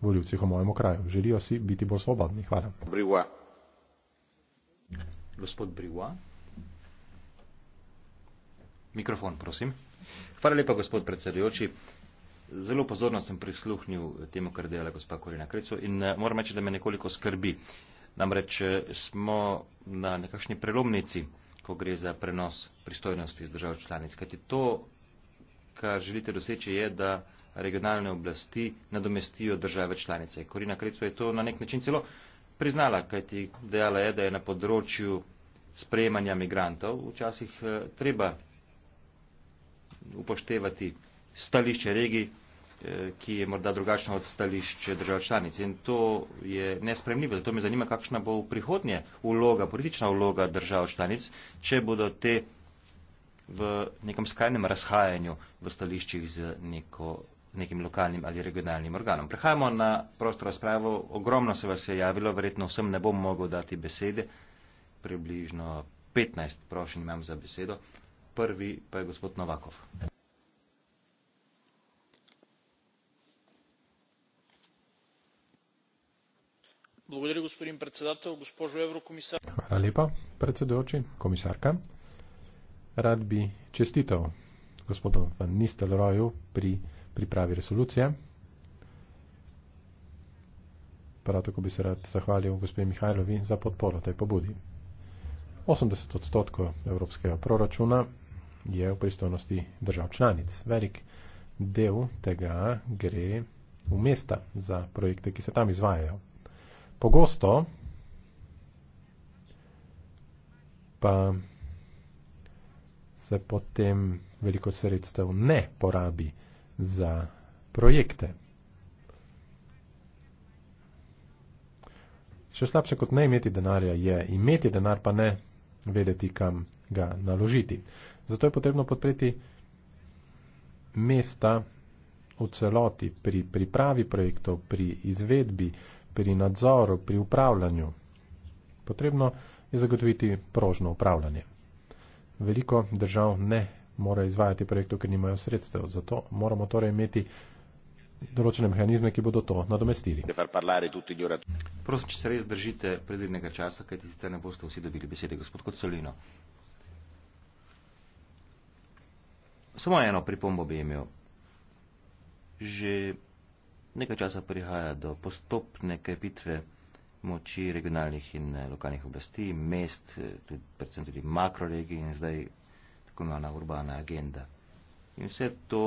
voljivcih v mojem kraju. Želijo si biti bolj svobodni. Hvala. Briwa. Gospod Briwa. Mikrofon, prosim. Hvala lepa, gospod predsedujoči. Zelo pozorno sem prisluhnil temu, kar dela gospa Korina Krico in eh, moram reči, da me nekoliko skrbi. Uh, Namreč eh, smo na nekakšni prelomnici, ko gre za prenos pristojnosti iz držav članic. Kajti to, kar želite doseči, je, da regionalne oblasti nadomestijo države članice. Korina Krecva je to na nek način celo priznala, kajti dejala je, da je na področju sprejemanja migrantov včasih eh, treba upoštevati stališče regij Eh, ki je morda drugačna od stališč držav članic. In to je nespremljivo. Zato me zanima, kakšna bo v prihodnje uloga, politična uloga držav članic, če bodo te v nekem skrajnem razhajanju v stališčih z neko, nekim lokalnim ali regionalnim organom. Prehajamo na prostor razpravo. Ogromno se vas je javilo, verjetno vsem ne bom mogel dati besede. Približno 15 prošenj imam za besedo. Prvi pa je gospod Novakov. Благодаря, господин председател. Госпожо еврокомисар. Hvala lepa, predsedujoči, komisarka. Rad bi čestital gospodu Van Nistelrooju pri pripravi resolucije. Prav tako bi se rad zahvalil gospodinu Mihajlovi za podporo tej pobudi. 80 odstotkov evropskega proračuna je v pristojnosti držav članic. Velik del tega gre v mesta za projekte, ki se tam izvajajo pogosto pa se potem veliko sredstev ne porabi za projekte. Še slabše kot ne imeti denarja je imeti denar, pa ne vedeti, kam ga naložiti. Zato je potrebno podpreti mesta v celoti pri pripravi projektov, pri izvedbi pri nadzoru, pri upravljanju. Potrebno je zagotoviti prožno upravljanje. Veliko držav ne mora izvajati projektov, ker nimajo sredstev. Zato moramo torej imeti določene mehanizme, ki bodo to nadomestili. Prosim, če se res držite predvidnega časa, kajti sicer ne boste vsi dobili besede, gospod Kocolino. Samo eno pripombo bi imel. Že nekaj časa prihaja do postopne krepitve moči regionalnih in eh, lokalnih oblasti, mest, eh, tudi, predvsem tudi makroregij in zdaj tako imenovana urbana agenda. In vse to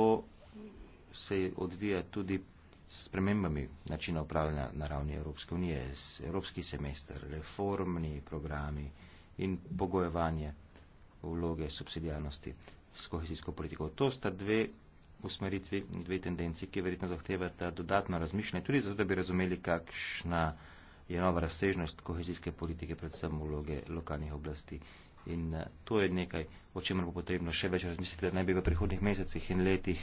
se odvija tudi s spremembami načina upravljanja na ravni Evropske unije, s Evropski semester, reformni programi in pogojevanje vloge subsidijalnosti s kohezijsko politiko. To sta dve usmeritvi dve tendenciji, ki verjetno zahtevata dodatno razmišljanje, tudi zato, da bi razumeli, kakšna je nova razsežnost kohezijske politike, predvsem vloge lokalnih oblasti. In uh, to je nekaj, o čemer bo potrebno še več razmisliti, da ne bi v prihodnih mesecih in letih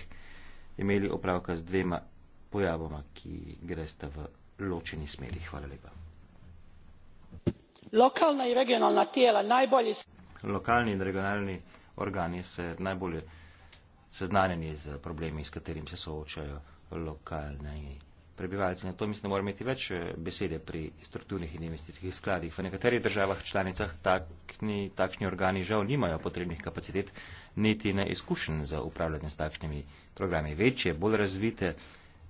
imeli opravka z dvema pojavoma, ki gresta v ločeni smeri. Hvala lepa. Lokalna in regionalna tijela najbolje. Lokalni in regionalni organi se najbolje seznanjeni z problemi, s katerim se soočajo lokalne prebivalce. Na to mislim, da moramo imeti več eh, besede pri strukturnih in investicijskih skladih. V nekaterih državah članicah takni, takšni organi žal nimajo potrebnih kapacitet, niti ne izkušen za upravljanje s takšnimi programi. Večje, bolj razvite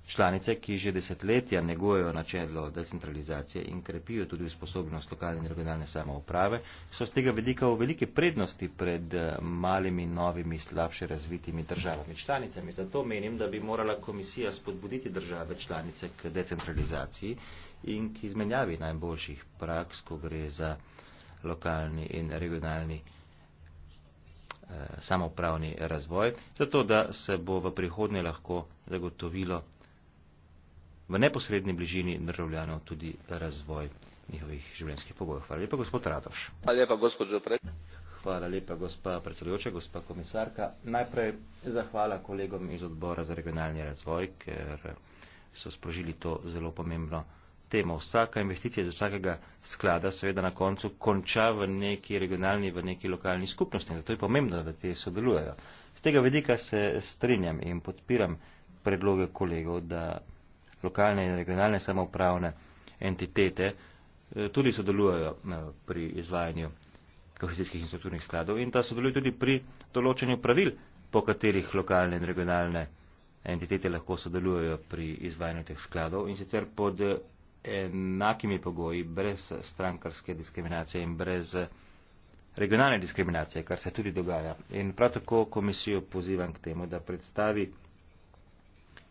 Članice, ki že desetletja negujejo načelo decentralizacije in krepijo tudi sposobnost lokalne in regionalne samouprave, so z tega vedika v velike prednosti pred eh, malimi, novimi, slabše razvitimi državami članicami. Zato menim, da bi morala komisija spodbuditi države članice k decentralizaciji in k izmenjavi najboljših praks, ko gre za lokalni in regionalni eh, samopravni razvoj, zato da se bo v prihodnje lahko zagotovilo v neposredni bližini državljanov tudi razvoj njihovih življenjskih pogojev. Hvala lepa, gospod Radoš. Hvala lepa, gospod Zopred. Hvala lepa, gospa predsedujoča, gospa komisarka. Najprej zahvala kolegom iz odbora za regionalni razvoj, ker so sprožili to zelo pomembno temo. Vsaka investicija iz vsakega sklada seveda na koncu konča v neki regionalni, v neki lokalni skupnosti. Zato je pomembno, da te sodelujejo. Z tega vedika se strinjam in podpiram predloge kolegov, da lokalne in regionalne samopravne entitete eh, tudi sodelujejo eh, pri izvajanju kohezijskih in strukturnih skladov in da sodelujejo tudi pri določanju pravil, po katerih lokalne in regionalne entitete lahko sodelujejo pri izvajanju teh skladov in sicer pod enakimi pogoji, brez strankarske diskriminacije in brez regionalne diskriminacije, kar se tudi dogaja. In prav tako komisijo pozivam k temu, da predstavi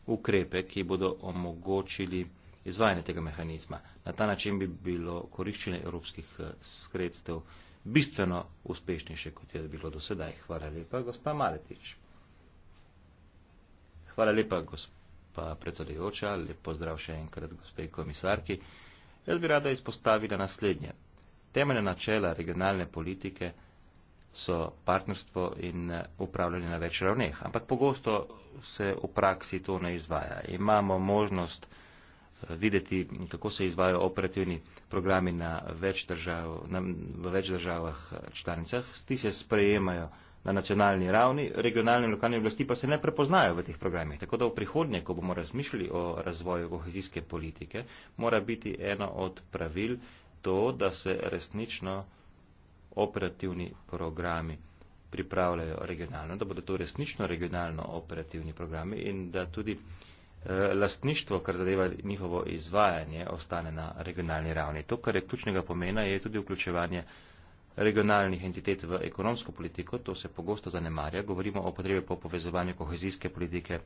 ukrepe, ki bodo omogočili izvajanje tega mehanizma. Na ta način bi bilo koriščenje evropskih eh, sredstev bistveno uspešnejše, kot je bilo do sedaj. Hvala lepa, gospa Maletič. Hvala lepa, gospa predsedujoča. Lep pozdrav še enkrat, gospe komisarki. Jaz bi rada izpostavila naslednje. Temeljna načela regionalne politike so partnerstvo in eh, upravljanje na več ravneh. Ampak pogosto se v praksi to ne izvaja. Imamo možnost eh, videti, kako se izvajo operativni programi na več držav, na, v več državah eh, članicah. Ti se sprejemajo na nacionalni ravni, regionalne in lokalne oblasti pa se ne prepoznajo v teh programih. Tako da v prihodnje, ko bomo razmišljali o razvoju kohezijske politike, mora biti eno od pravil to, da se resnično operativni programi pripravljajo regionalno, da bodo to resnično regionalno operativni programi in da tudi eh, lastništvo, kar zadeva njihovo izvajanje, ostane na regionalni ravni. To, kar je ključnega pomena, je tudi vključevanje regionalnih entitet v ekonomsko politiko. To se pogosto zanemarja. Govorimo o potrebi po povezovanju kohezijske politike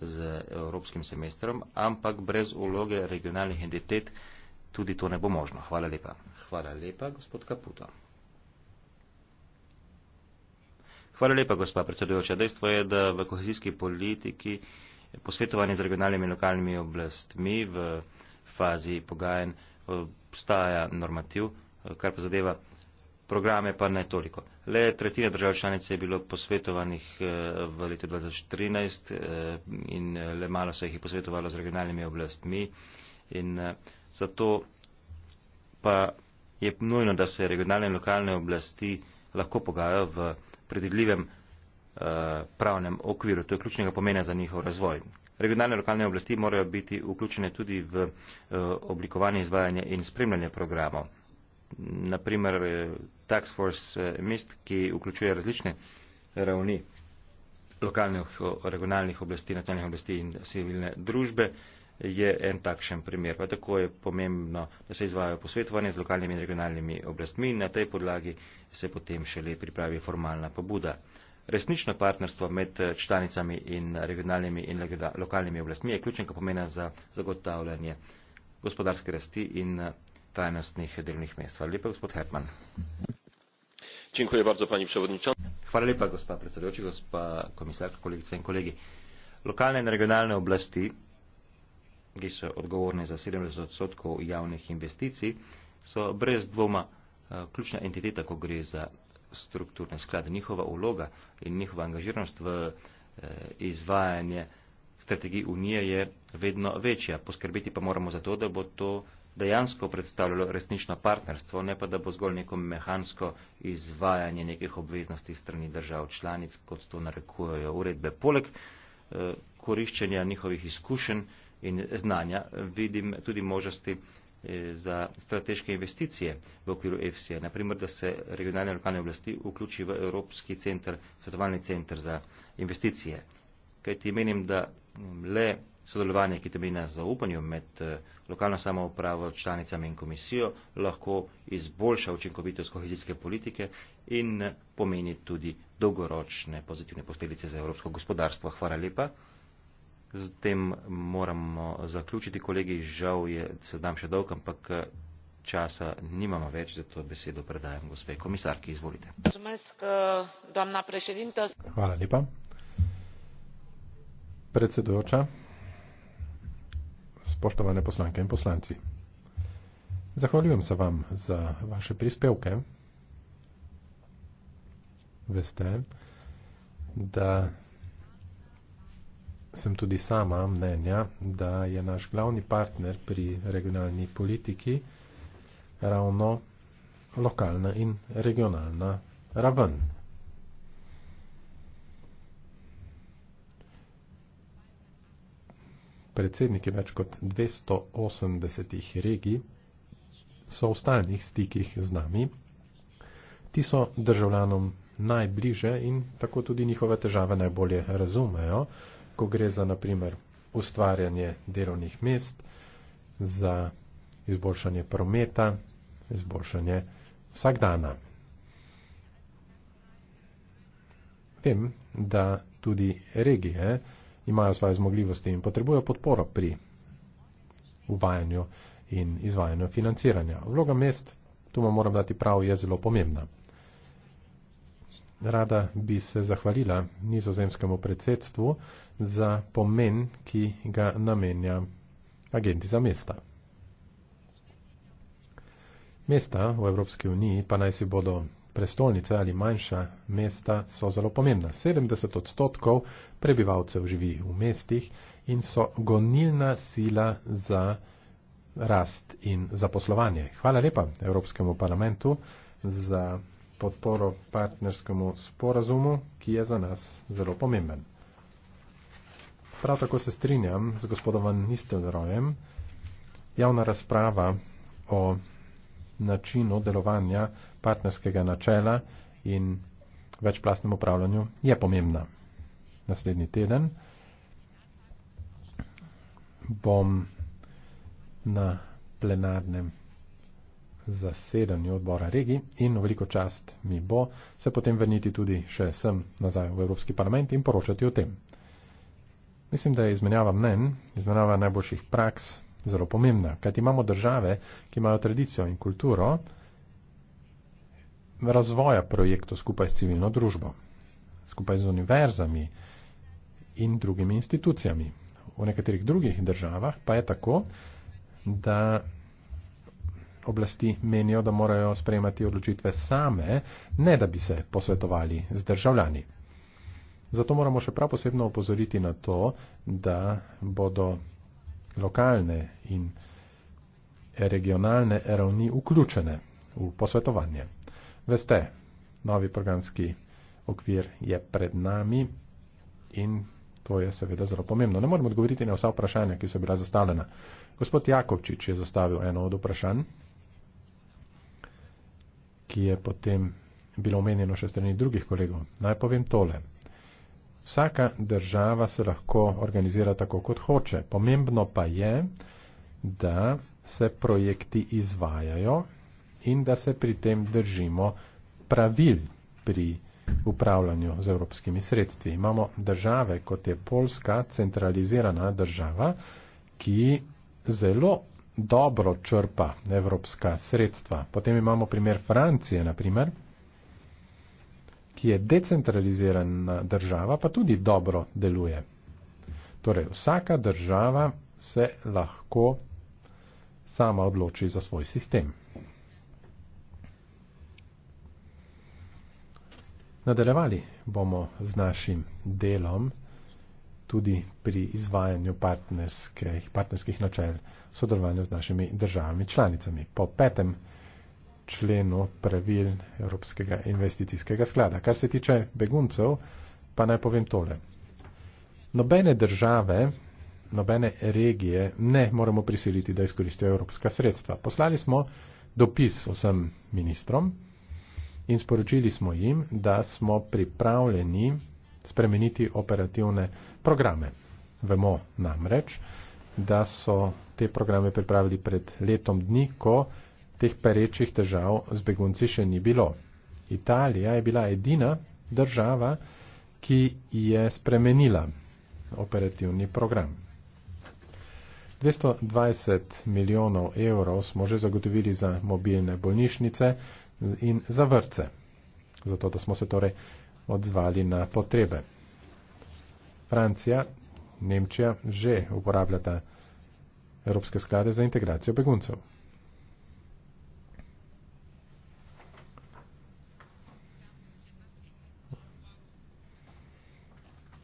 z evropskim semestrom, ampak brez uloge regionalnih entitet tudi to ne bo možno. Hvala lepa. Hvala lepa, gospod Kaputo. Hvala lepa, gospa predsedujoča. Dejstvo je, da v kohezijski politiki posvetovanje z regionalnimi in lokalnimi oblastmi v fazi pogajanj eh, obstaja normativ, eh, kar pa zadeva programe, pa ne toliko. Le tretjina držav članice je bilo posvetovanih eh, v letu 2013 in le malo se jih je posvetovalo z regionalnimi oblastmi in zato pa je nujno, da se regionalne in lokalne oblasti lahko pogajajo v predvidljivem eh, pravnem okviru. To je ključnega pomena za njihov razvoj. Regionalne lokalne oblasti morajo biti vključene tudi v eh, oblikovanje, izvajanje in spremljanje programov. Naprimer, eh, Tax Force MIST, ki vključuje različne ravni lokalnih, regionalnih oblasti, nacionalnih oblasti in civilne družbe, je en takšen primer. Pa tako je pomembno, da se izvajo posvetovanje z lokalnimi in regionalnimi oblastmi in na tej podlagi se potem šele pripravi formalna pobuda. Resnično partnerstvo med članicami in regionalnimi in lokalnimi oblastmi je ključnega pomena za zagotavljanje gospodarske rasti in eh, trajnostnih delovnih mest. Hvala lepa, gospod Hepman. Hvala lepa, gospod predsedujoči, gospod komisar, kolegice in kolegi. Lokalne in regionalne oblasti ki so odgovorni za 70 odstotkov javnih investicij, so brez dvoma eh, ključna entiteta, ko gre za strukturne sklade. Njihova uloga in njihova angažiranost v eh, izvajanje strategij Unije je vedno večja. Poskrbiti pa moramo za to, da bo to dejansko predstavljalo resnično partnerstvo, ne pa da bo zgolj neko mehansko izvajanje nekih obveznosti strani držav članic, kot to narekujejo uredbe. Poleg eh, koriščenja njihovih izkušenj, eh, in znanja, vidim tudi možnosti eh, za strateške investicije v okviru EFSI-ja. Naprimer, da se regionalne lokalne oblasti vključi v Evropski centr, svetovalni centr za investicije. Kaj ti menim, da mm, le sodelovanje, ki temelji na zaupanju med eh, lokalno samoupravo, članicami in komisijo, lahko izboljša učinkovitost kohezijske politike in eh, pomeni tudi dolgoročne pozitivne posledice za evropsko gospodarstvo. Hvala lepa. Z tem moramo zaključiti, kolegi. Žal je, se dam še dolg, ampak eh, časa nimamo več, zato besedo predajam gospe komisarki. Izvolite. Eh, Hvala lepa. Predsedujoča, spoštovane poslanke in poslanci. Zahvaljujem se vam za vaše prispevke. Veste, da sem tudi sama mnenja, da je naš glavni partner pri regionalni politiki ravno lokalna in regionalna raven. Predsedniki več kot 280 regij so v stalnih stikih z nami. Ti so državljanom najbliže in tako tudi njihove težave najbolje razumejo ko gre za naprimer ustvarjanje delovnih mest, za izboljšanje prometa, izboljšanje vsak dana. Vem, da tudi regije imajo svoje zmogljivosti in potrebujo podporo pri uvajanju in izvajanju financiranja. Vloga mest, tu vam moram dati prav, je zelo pomembna. Rada bi se zahvalila nizozemskemu predsedstvu za pomen, ki ga namenja agenti za mesta. Mesta v Evropski uniji, pa naj si bodo prestolnice ali manjša mesta, so zelo pomembna. 70 odstotkov prebivalcev živi v mestih in so gonilna sila za rast in zaposlovanje. Hvala lepa Evropskemu parlamentu za podporo partnerskemu sporazumu, ki je za nas zelo pomemben. Prav tako se strinjam z gospodovan Nistelrojem, javna razprava o načinu delovanja partnerskega načela in večplastnem upravljanju je pomembna. Naslednji teden bom na plenarnem zasedanju odbora regij in veliko čast mi bo se potem vrniti tudi še sem nazaj v Evropski parlament in poročati o tem. Mislim, da je izmenjava mnen, izmenjava najboljših praks zelo pomembna, kajti imamo države, ki imajo tradicijo in kulturo razvoja projektov skupaj s civilno družbo, skupaj z univerzami in drugimi institucijami. V nekaterih drugih državah pa je tako, da oblasti menijo, da morajo sprejemati odločitve same, ne da bi se posvetovali z državljani. Zato moramo še prav posebno opozoriti na to, da bodo lokalne in regionalne ravni vključene v posvetovanje. Veste, novi programski okvir je pred nami in to je seveda zelo pomembno. Ne moram odgovoriti na vsa vprašanja, ki so bila zastavljena. Gospod Jakovčič je zastavil eno od vprašanj, ki je potem bilo omenjeno še strani drugih kolegov. Naj povem tole. Vsaka država se lahko organizira tako, kot hoče. Pomembno pa je, da se projekti izvajajo in da se pri tem držimo pravil pri upravljanju z evropskimi sredstvi. Imamo države, kot je Polska, centralizirana država, ki zelo dobro črpa evropska sredstva. Potem imamo primer Francije, naprimer, ki je decentralizirana država, pa tudi dobro deluje. Torej, vsaka država se lahko sama odloči za svoj sistem. Nadaljevali bomo z našim delom tudi pri izvajanju partnerskih, partnerskih načel sodelovanja z našimi državami članicami po petem členu pravil Evropskega investicijskega sklada. Kar se tiče beguncev, pa naj povem tole. Nobene države, nobene regije ne moramo prisiliti, da izkoristijo evropska sredstva. Poslali smo dopis vsem ministrom in sporočili smo jim, da smo pripravljeni spremeniti operativne programe. Vemo namreč, da so te programe pripravili pred letom dni, ko teh perečih težav z begunci še ni bilo. Italija je bila edina država, ki je spremenila operativni program. 220 milijonov evrov smo že zagotovili za mobilne bolnišnice in za vrce. Zato, da smo se torej odzvali na potrebe. Francija, Nemčija že uporabljata Evropske sklade za integracijo beguncev.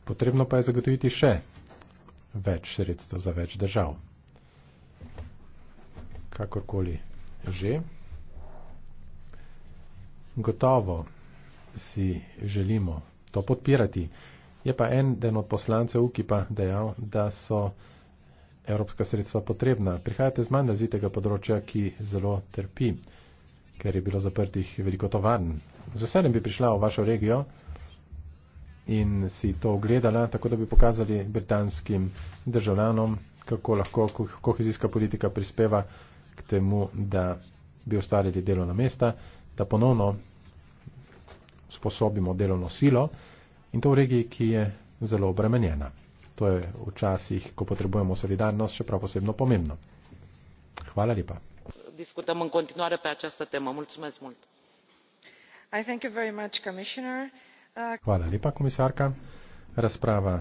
Potrebno pa je zagotoviti še več sredstev za več držav. Kakorkoli že. Gotovo si želimo to podpirati. Je pa en den od poslancev UKIP-a dejal, da so evropska sredstva potrebna. Prihajate z manj razvitega področja, ki zelo trpi, ker je bilo zaprtih veliko tovarn. Z veseljem bi prišla v vašo regijo in si to ogledala, tako da bi pokazali britanskim državljanom, kako lahko kohezijska politika prispeva k temu, da bi ustvarili delovna mesta, da ponovno usposobimo delovno silo in to v regiji, ki je zelo obremenjena. To je včasih, ko potrebujemo solidarnost, še prav posebno pomembno. Hvala lepa. Diskutamo in kontinuare pe această temă. Mulțumesc mult. I thank you very much, Commissioner. Uh, Hvala lepa, komisarka. Razprava.